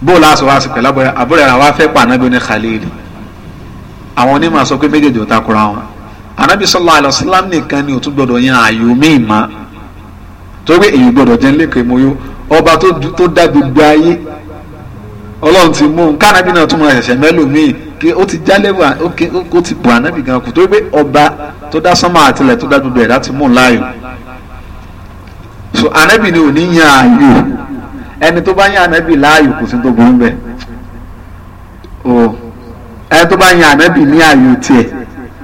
bóòlù àṣọ wa sì pẹ̀lú àbúrò ẹ̀rọ wa pa anabi ní khalil àwọn onímọ̀ sọ pé méjèèjì ò takora wọn anabi sallallahu alaihi wasallam nìkan ni òtún gbọdọ̀ yan ààyò míì má torí èyí gbọdọ̀ jẹ́ ńlẹ́kẹ̀ẹ́ mọ́yó ọba tó dá gbogbo ayé ọlọ́run ti mú un kánábì náà túmọ̀ ẹ̀sẹ̀ mẹ́lòmíì kí ó ti já lẹ́wọ̀ ó ti bù ànábì gan kù torí pé ọba tó dá sánmà àtìlẹ̀ tó dá gbogbo ẹ̀dá ti mú un láàyò so ànábì ni ò ní yan ààyò ẹni tó bá yan ànábì láàyò kò sí tó burú bẹ́ẹ̀ o ẹni tó bá yan ànábì ní ààyò tiẹ̀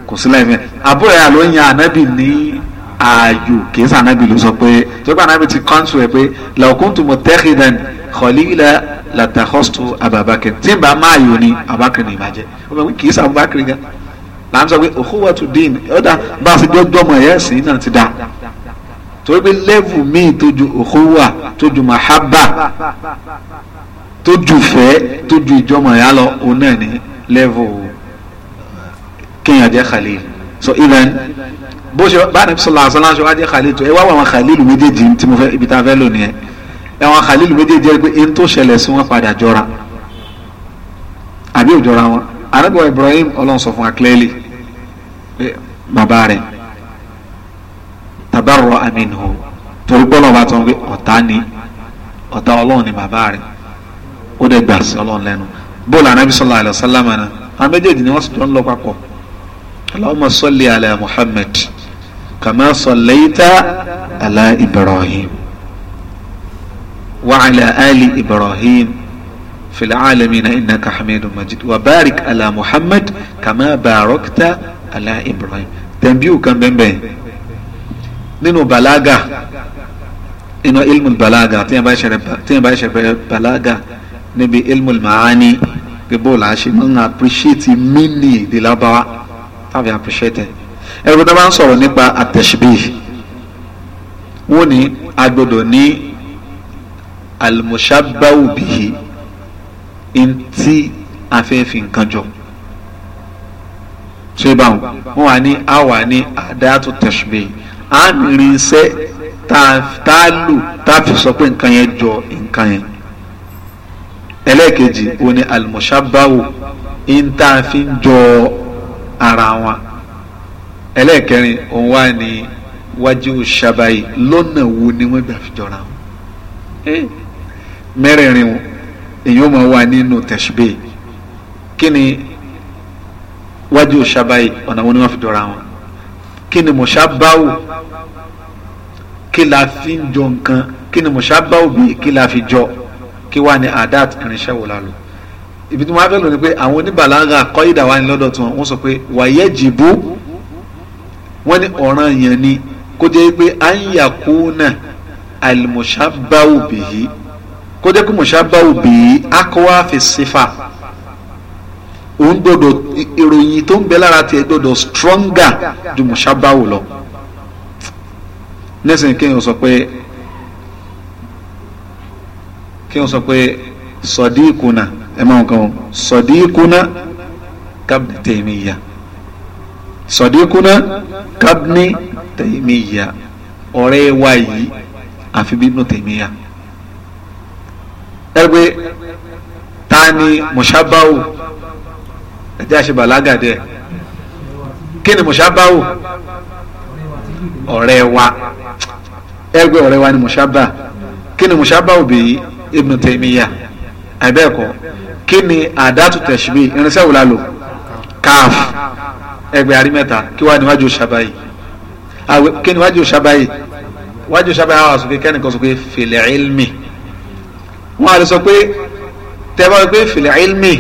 kò sí lẹ́yìn àbúrò ẹ̀ ló yan ànábì ní ààyò kì sànábì ló sọ pé tó bá ànábì ti kọ́ńtù ẹ̀ pé làkúntùmọ̀ tẹ́kìdẹ̀n kọ̀lí ilẹ̀ latakostu ababakir tí n bá máa yò ní abakir ní ìbàjẹ́ ọmọ mi kì í sàn abakir gan là ń sọ pé òkúwà tó dín ọ̀dà bá a ṣe jọjọ́ ọmọ ẹ̀yẹ́ sí náà ti da torí pé lẹ́vù míì tó ju òkúwà tó ju mahaba tó ju fẹ́ tó ju ìjọmọ̀ ẹ̀yà lọ òun náà ní lẹ́vù kéèyàn jẹ́ khalil so even bó ṣe bá a nà fi sọ̀rọ̀ àṣọ láṣọ wá jẹ́ khalil tó ẹ wá wà wọn khalil méjèèjì tí mo fẹ́ ibi tá a fẹ́ lò nìyẹn àwọn Khalil méjèèjì rí pé èyí tó ṣẹlẹ̀ sí wọn padà jọra àbí òjọra wọn arábìwá Ibrahim ọlọ́run sọ fún wa clearly pé bàbá rẹ̀ tabarọ aminu torí gbọ́dọ̀ bá tán pé ọ̀tá ni ọ̀tá ọlọ́run ni bàbá rẹ̀ ó dẹ̀ gbà sí ọlọ́run lẹ́nu bóòlù anabi sallallahu alaihi wasallam náà àwọn méjèèjì ni wọ́n sì jọ ń lọ papọ̀ Allahumma salli ala Muhammad kama sallaita ala Ibrahim. وعلى آل إبراهيم في العالمين إنك حميد مجيد وبارك على محمد كما باركت على إبراهيم تنبيه كان بين nínú balaga nínú ilmu balaga tí yẹn bá ṣe balaga níbi ilmu maani gbogbo la ṣe máa ń appreciate mini èdè lábáwá tàbí appreciate ẹ̀rọ tó bá ń sọ̀rọ̀ nípa àtẹ̀síbí wọ́n ní agbọ́dọ̀ ní alimusabawu bihi ntí afẹ́fẹ́ nǹkan jọ tí ó bá wọn wọn wà ní àwà ní àdáàtú tẹ̀sùbẹ̀ à ń rinṣẹ́ tá a lò tá a fi sọ pé nǹkan yẹn jọ nǹkan yẹn ẹlẹ́ẹ̀kejì òun ni alimusabawu ntá jọ ara wọn ẹlẹ́ẹ̀kẹrin òun wà ní wájú ṣabayi lọ́nà wo ni wọ́n gbà fi jọra wọn. Eh, mẹ́rẹ̀ẹ̀rin wọn èyí ó máa wà nínú tẹ̀síbẹ̀ kí ni wájú ṣàbáyé ọ̀nà wọn ni wọ́n fi dọ̀ra wọn kí ni mọ̀ṣábáwò kí la fi ń jọ nǹkan kí ni mọ̀ṣábáwò bíi kí la fi jọ kí wàá ní adat irinṣẹ́ wò lálọ́ ibi tí wọ́n fẹ́ lò ní pé àwọn oníbàlágà kọ́ ìdá wa ni lọ́dọ̀ tí wọ́n wọ́n sọ pé wàyẹ̀ jìbú wọ́n ní ọ̀ràn yẹn ni kó jẹ́ pé à ń yàkú náà àlùmọ̀ṣábáwò bìyí kó jẹ́ kó mushabahu bi akwa fi sifa òun gbọ́dọ̀ ìròyìn tó ń bẹ lára tiẹ̀ gbọ́dọ̀ stronger ju mushabahu lọ nísìnyí kéèyàn sọ pé kéèyàn sọ pé sọdíìkùnà ẹ máa ń kàn ó sọdíìkùnà kabni tèmíyà sọdíìkùnà kabni tèmíyà ọ̀rẹ́ wa yìí àfi bíbí tèmíyà ẹgbẹ́ ta ni mọ̀ṣábáwò ẹjẹ́ àṣebàlágàdẹ kí ni mọ̀ṣábáwò ọ̀rẹ́ wa ẹgbẹ́ ọ̀rẹ́ wa ni mọ̀ṣábà kí ni mọ̀ṣábáwò bèyí Ibn Taymiyyah àbẹ́ẹ̀kọ́ kí ni àdátù tẹ̀síbí irinṣẹ́ wò lálò káf ẹgbẹ́ arímẹ́ta kí wá níwájú ṣàbáyé kí níwájú ṣàbáyé wájú ṣàbáyé àwọn àṣùfẹ́ kẹ́nìkan sọ pé fil ilmi wọn àti sọ pé tẹ́wọ́ pé fìlẹ̀ ilmi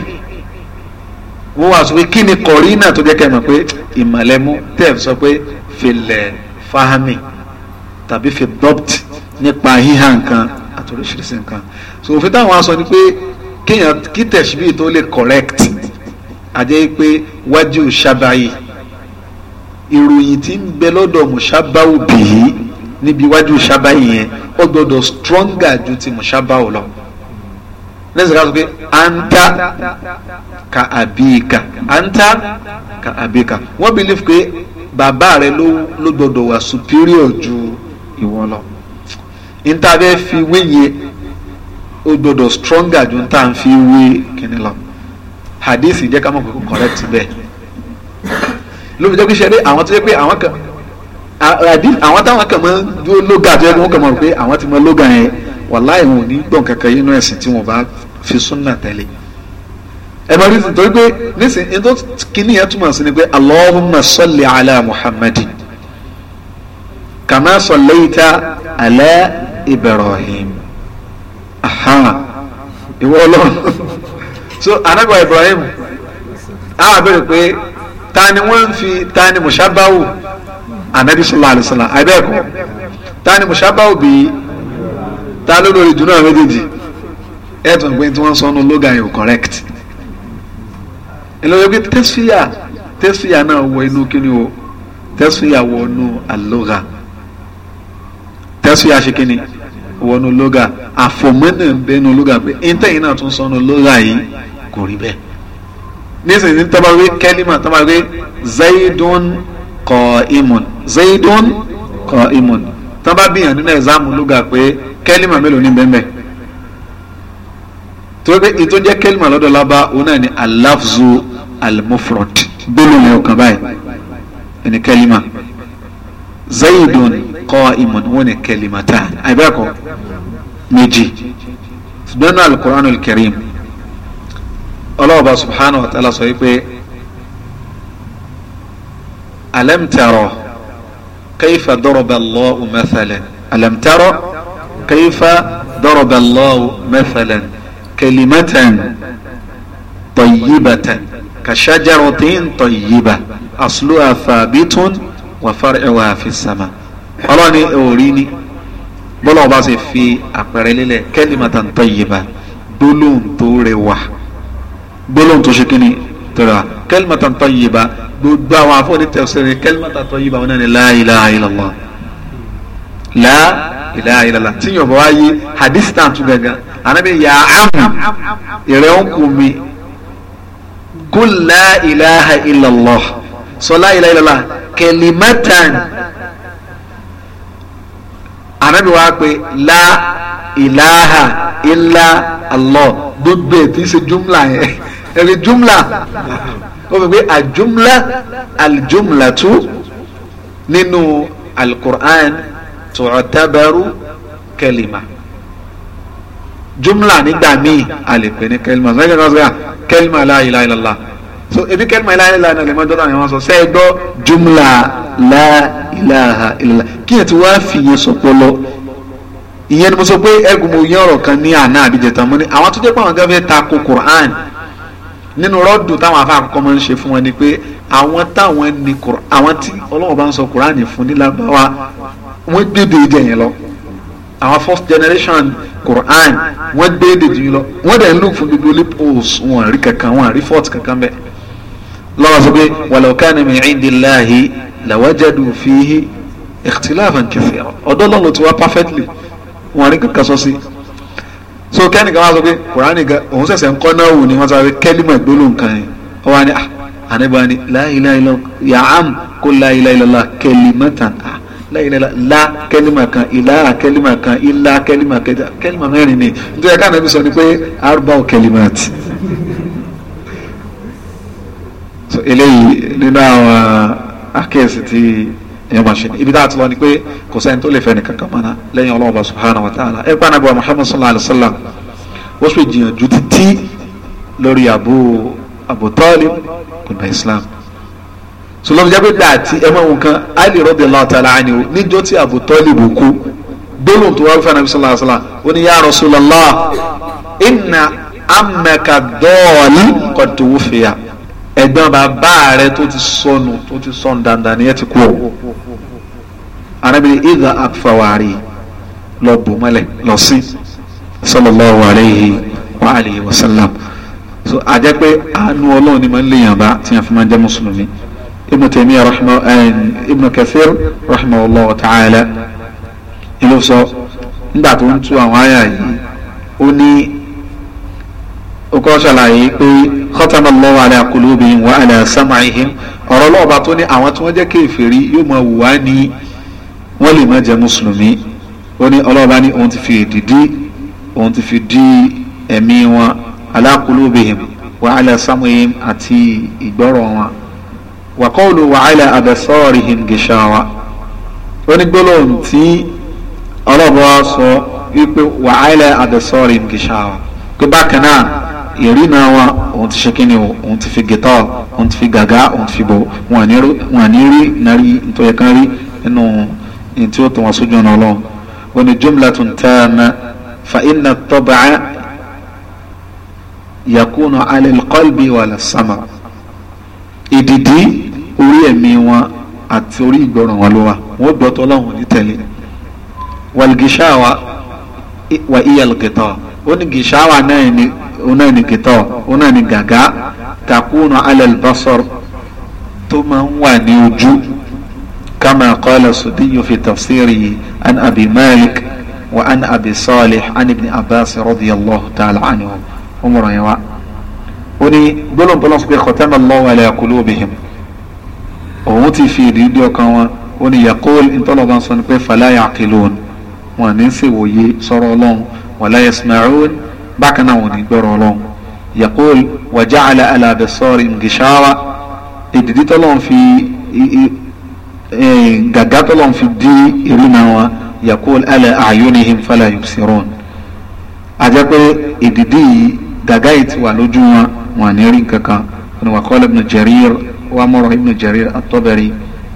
wọ́n wá sọ pé kí ni kọ̀rínà tó jẹ́ kẹ́ mọ̀ pé ìmọ̀lẹ́mú tẹ́ẹ̀ sọ pé fìlẹ̀ fahami tàbí fi dọ́pt nípa híhá nǹkan àti nǹkan so òfin táwọn aṣọ ni pé kéèyàn kí tẹ̀síbí tó lè correct àjẹ́ pé wájú ṣàbàyè ìròyìn tí ń bẹ lọ́dọ̀ mùṣàbáwò bìí níbi wájú ṣàbàyè yẹn ó gbọ́dọ̀ stronger ju ti mùṣàbáwò lọ lẹ́sẹ̀ ká sọ anta ka abika, anta ka abika. wọ́n believe pé bàbá rẹ ló gbọdọ̀ wà superior ju ìwọ lọ níta bẹ́ẹ̀ fi wéyẹ ó gbọdọ̀ stronger ju níta ń fi wé kíni lọ hadith jẹ́ ká mọ̀ pé kò correct bẹ́ẹ̀ ló fi jẹ́ pé ṣẹ́rí àwọn tó yẹ pé àwọn kan hadith àwọn táwọn kan mọ́ lóga tó yẹ pé wọ́n kàn mọ̀ pé àwọn ti mọ lóga yẹn wàláì wọn ò ní gbọ̀n kankan yín náà ẹ̀sìn tí wọ́n bá fi súnà tẹ̀lé ẹ máa rí nítorí pé nísìnyí tó kíní yẹn túmọ̀ sí ni pé Allahumma salli ala Muhammadin kama sallaita ala Ibrahim ìwọ Ọlọ́run *laughs* so anagba Ibrahim a bẹ̀rẹ̀ pé ta ni wọ́n ń fi ta ni mushabahu anabi sallallahu alayhi wa sallam abẹ́ẹ̀kọ́ ta ni mushabahu bíi ta ló lórí dunu àwọn méjèèjì ẹ tún pé tí wọ́n sọ ọ́nù lóga yóò correct ìlọ́yọ̀ pé tẹ́sífìyà tẹ́sífìyà náà wọ inú kíni o tẹ́sífìyà wọ inú àlóga tẹ́sífìyà ṣe kíni wọ inú lóga àfọ̀mọ́nà ń bẹ inú lóga pé intanet náà tún sọ ọ́nù lóga yìí kò rí bẹ́ẹ̀ nísìnyí tọ́ba wí kẹ́límà tọ́ba wí zaidun qa'imun zaidun qa'imun tọ́ba bíyàn nínú ẹ̀zámù lóga pé kẹ́límà mélòó ní bẹ́ẹ̀ bẹ́ẹ̀ torí pé ètò jẹ́ kẹ́lìmọ̀ lọ́dọ̀ lábá òun náà ni alafzu almufrod gbólóhùn ọ̀kan báyìí ẹni kẹ́lìmọ̀ zayidun qa'imun wọn ni kẹ́lìmọ̀tà àìbẹ́ẹ̀kọ́ méjì ṣùgbọ́n náà alukur'an alkarim ọlọ́ọ̀bá subhanahu wa ta'ala sọ wípé alam tara kayfa daraba Allahu mathalan alam tara kayfa daraba Allahu كلمة طيبة كشجرة طيبة أصلها ثابت وفرعها في السماء ọlọ́ni òrìní bọ́lá ọba ṣe fi àpẹẹrẹ lélẹ̀ kẹ́límàtà ń tọ́yìnbá gbólóhùn tó rẹwà gbólóhùn tó ṣe kíni tọ́ra kẹ́límàtà ń tọ́yìnbá gbogbo àwọn afọ́ni tẹ̀sílẹ̀ kẹ́límàtà tọ́yìnbá wọn náà ni la ilaha illallah la ilaha tíyànbọ̀ wáyé hadith náà tún gàgà anabi yà áhùn ìrẹ́ ń kù mi kul la ilaha illallah sọ la ilaha illallah kalimatan anabi wa pe la ilaha illa allah gbogbo ètí ṣe jumla yẹn ẹ̀rí jumla ó fi pé àjumla aljumlatu nínú alukur'an tu'tabaru kalima jumla nígbà míì a lè pè ní kẹlima sọ ẹgbẹ́ sọ́sọ́ ah, kẹlima la so ebi kẹlima la ilaha illallah lẹ́mọ́ dọ́là yẹn wọ́n sọ sẹ́ẹ̀ gbọ́ jumla la ilaha illallah kí ẹ̀ ti wá fìyẹn sọpọlọ ìyẹn ni mo sọ pé ẹgùn mo yẹ ọ̀rọ̀ kan ní àná àbíjẹta mo ní àwọn tó jẹ́ pé àwọn gan fẹ́ ta ko Qur'an nínú rọ́ọ̀dù táwọn afa àkọ́kọ́ máa ń ṣe fún wọn ni pé àwọn táwọn ni àwọn tí Ọlọ́run bá ń sọ Qur'an fún nílábáwá wọ́n gbé dèjẹ̀ yẹn lọ Our first generation Quran wọ́n dé èdè jù lọ wọ́n dẹ̀ ń lù fún gbogbo loopholes wọn rí kankan wọn rí fort kankan bẹ́ẹ̀ lọ́wọ́ sọ pé walaw kana min indillahi lawajadu fihi ikhtilafan kathira ọ̀dọ́ lọ́nà tí wọ́n perfectly wọn rí kankan sọ sí so kẹ́ni kan wá sọ pé Quran ga òun ṣẹ̀ṣẹ̀ ń kọ́ náà wò ni wọ́n sọ pé kẹ́límọ̀ gbólóhùn kan yẹn wọ́n wá ní ah àníbàá ni la ilaha illallah lẹ́yìn ilẹ̀ la kẹ́límà kan ìlà kẹ́límà kan ìlà kẹ́límà kẹta kẹ́límà mẹ́rin ni nítorí ẹ̀ka náà mi sọ ni pé arúgbó kẹ́límà tì so eléyìí nínú àwọn akéèsì tí èèyàn máa ṣe ni ibi tá a ti lọ ni pé kò sẹ́ni tó lè fẹ́ nìkan kan mọ́ná lẹ́yìn ọlọ́ọ̀bà subhanahu wa ta'ala ẹ̀ pa nàbọ̀ muhammad sallallahu alayhi wa sallam wọ́n sì jìyànjú títí lórí àbú àbú tọ́lì kò gba islam sọlọ́mù jẹ́ pé dàtí ẹ máa wò kan Ali radiyallahu ta'ala anhu níjọ́ tí Abu Talib kú gbólóhùn tó wá wípé anabi sallallahu alaihi wasallam ó ní ya Rasulullah inna ammaka dọ́ọ̀lì qad tuwfiya ẹ̀gbọ́n bàbá rẹ tó ti sọnù tó ti sọnù dandan ni ẹ ti kú o arábìnrin idha afawari lọ bò mọ́lẹ̀ lọ sí sallallahu alayhi ibn taymiya rahma eh, ibn kathir rahimahullah ta'ala ìlú sọ nígbà tó ń tú àwọn àyà yìí ó ní ọkọ ṣàlàyé pé khatama Allahu ala qulubihim wa ala sam'ihim ọ̀rọ̀ lọ́ọ̀bá tó ní àwọn tí wọ́n jẹ́ kéèfèrí yóò máa wù wá ní wọ́n lè má jẹ́ mùsùlùmí ó ní ọlọ́ọ̀bá ní òun ti fi èdìdí òun ti fi dí ẹ̀mí wọn ala qulubihim wa ala àti ìgbọ́rọ̀ wọn wàkọ́ọ̀lù wàhálà àbẹ̀sọ́ọ̀rì hìngìṣàwà onígbólóhùn tí ọlọ́bọ̀ sọ wípé wàhálà àbẹ̀sọ́ọ̀rì hìngìṣàwà pé bákan náà ìrìnà wọn òun ti ṣe kí ni o òun ti fi gẹ̀tọ́ òun ti fi gàgá òun ti fi bò wọn àní rí narí nítorí kan rí nínú ní tí ó tó wọn sójú ọ̀nà ọlọ́run ó ní jumlatun tamma fa inna at-tab'a yakunu 'ala al-qalbi wa 'ala as ìdìdí orí ẹ̀mí wọn àti orí ìgbọràn wọn ló wà wọn gbọ́ tọ́ lọ́wọ́n ní tẹ̀lé wàlgìṣáwa wà iyàlgìtọ̀ ó ní gìṣáwa náà ní náà ní gìtọ̀ ó náà ní gàgá takuna alẹ́lbásọ̀r tó máa ń wà ní ojú kama qala sudiyu fi tafsirihi an abi malik wa an abi salih an ibn abbas radiyallahu ta'ala anhu umar yawa ó ní gbólóńgbólóń sọ pé khatama Allahu ala qulubihim òun ti fi ìdíde ọkàn wọn ó ní yakol ntọ́lọ́ba sọ ni pé fala yaqilun wọn ní ṣèwòye sọ̀rọ̀ ọlọ́run wala yasma'un bákan náà wọn ní gbọ́rọ̀ ọlọ́run yakol waja'ala ala absarim gishawa ìdíde tọ́lọ́run fi gàgá tọ́lọ́run fi dí ìrìnà wọn yakol ala a'yunihim fala yubsirun àjẹ́ pé ìdíde yìí gàgá yìí ti wà lójú wọn wọn ní rí nǹkan kan wọn wà qala ibn wa mọ̀rọ̀ ibnu jarir at-tabari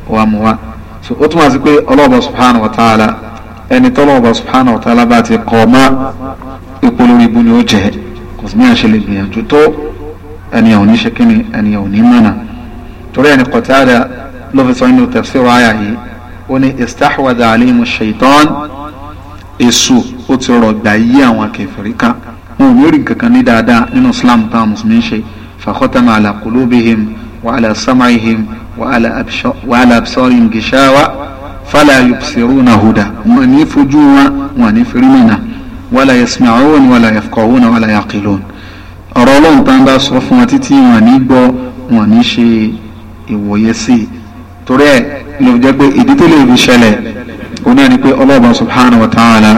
wa mu wa so ó túmọ̀ sí pé ọlọ́ọ̀bọ̀ subhanahu wa ta'ala ẹni tọ́lọ́ọ̀bọ̀ subhanahu wa ta'ala bá ti kọ́ ọ mọ́ ipò lórí ibu ni ó tafsir àyà yìí ó alayhimu shaitan èṣù ó ti rọ̀ gbà yí àwọn akẹfẹ̀rí kan wọn ò ní rí Islam táwọn mùsùlùmí ń ṣe ala qulubihim وعلى سمعهم وعلى أبشار وعلى أبصارهم غشاوة فلا يبصرون هدى وأن يفجوا وأن يفرمنا ولا يسمعون ولا يفقهون ولا يعقلون ọ̀rọ̀ ọlọ́run tá ń bá sọ fún wọn títí wọn ní gbọ́ wọn ní ṣe ìwòye sí i torí ẹ̀ ló jẹ́ pé ìdí tó lè fi ṣẹlẹ̀ òun náà ni pé ọlọ́ọ̀bà subhanahu wa ta'ala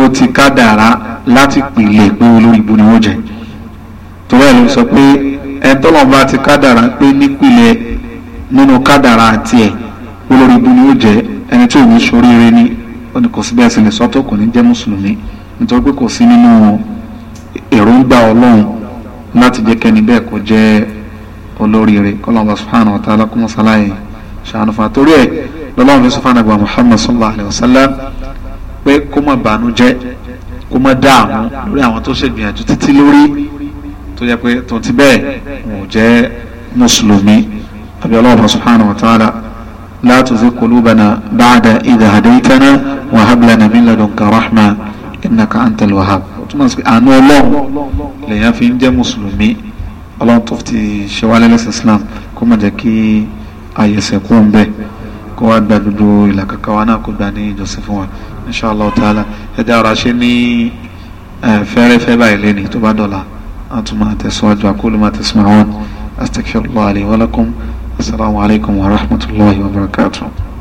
ó ti kádàrá láti pìlẹ̀ pé olórí ibu ni wọ́n jẹ torí ẹ̀ ló sọ pé ẹtọ́lọ́ba ti kádàrá pé nípìnlẹ̀ nínú kádàrá tiẹ̀ olórí ibu ni ó jẹ́ ẹni tí òun ṣoríire ni ó ní kò sí bẹ́ẹ̀ sì lè sọ́tọ̀ kò ní jẹ́ mùsùlùmí nítorí pé kò sí nínú èròǹgbà ọlọ́run láti jẹ́ kẹ́ni bẹ́ẹ̀ kó jẹ́ olóríire kọ́lọ́ba subhanahu wa ta'ala kó mọ́sálàyé ṣàánúfà torí ẹ̀ lọ́lọ́run yusuf anagba muhammad sallallahu alayhi wa sallam pé kó má bànújẹ́ kó má dààmú lórí àwọn tó ṣègbìyànjú títí lórí tó yẹ pé tó ti bẹ́ẹ̀ wọn ò jẹ́ mùsùlùmí àbí ọlọ́ọ̀bà subhanahu wa ta'ala la tuzigh qulubana ba'da idh hadaytana wa hab lana min ladunka rahma innaka antal wahhab ó túmọ̀ sí pé àánú ọlọ́run lèèyàn fi ń jẹ́ mùsùlùmí ọlọ́run tó ti ṣe wálé lẹ́sìn islam kó má jẹ́ kí ààyè sẹ̀kú ń bẹ́ẹ̀ kó wá gba gbogbo ìlàkàkà wa náà kó gba ní ìjọsìn fún wa inshallah ta'ala ẹ dára ṣe ní fẹ́rẹ́fẹ́ báyìí lẹ́ni tó bá dọ̀la. أنتم
هتسعد وأقول ما تسمعون أستغفر الله لي ولكم السلام عليكم ورحمة الله وبركاته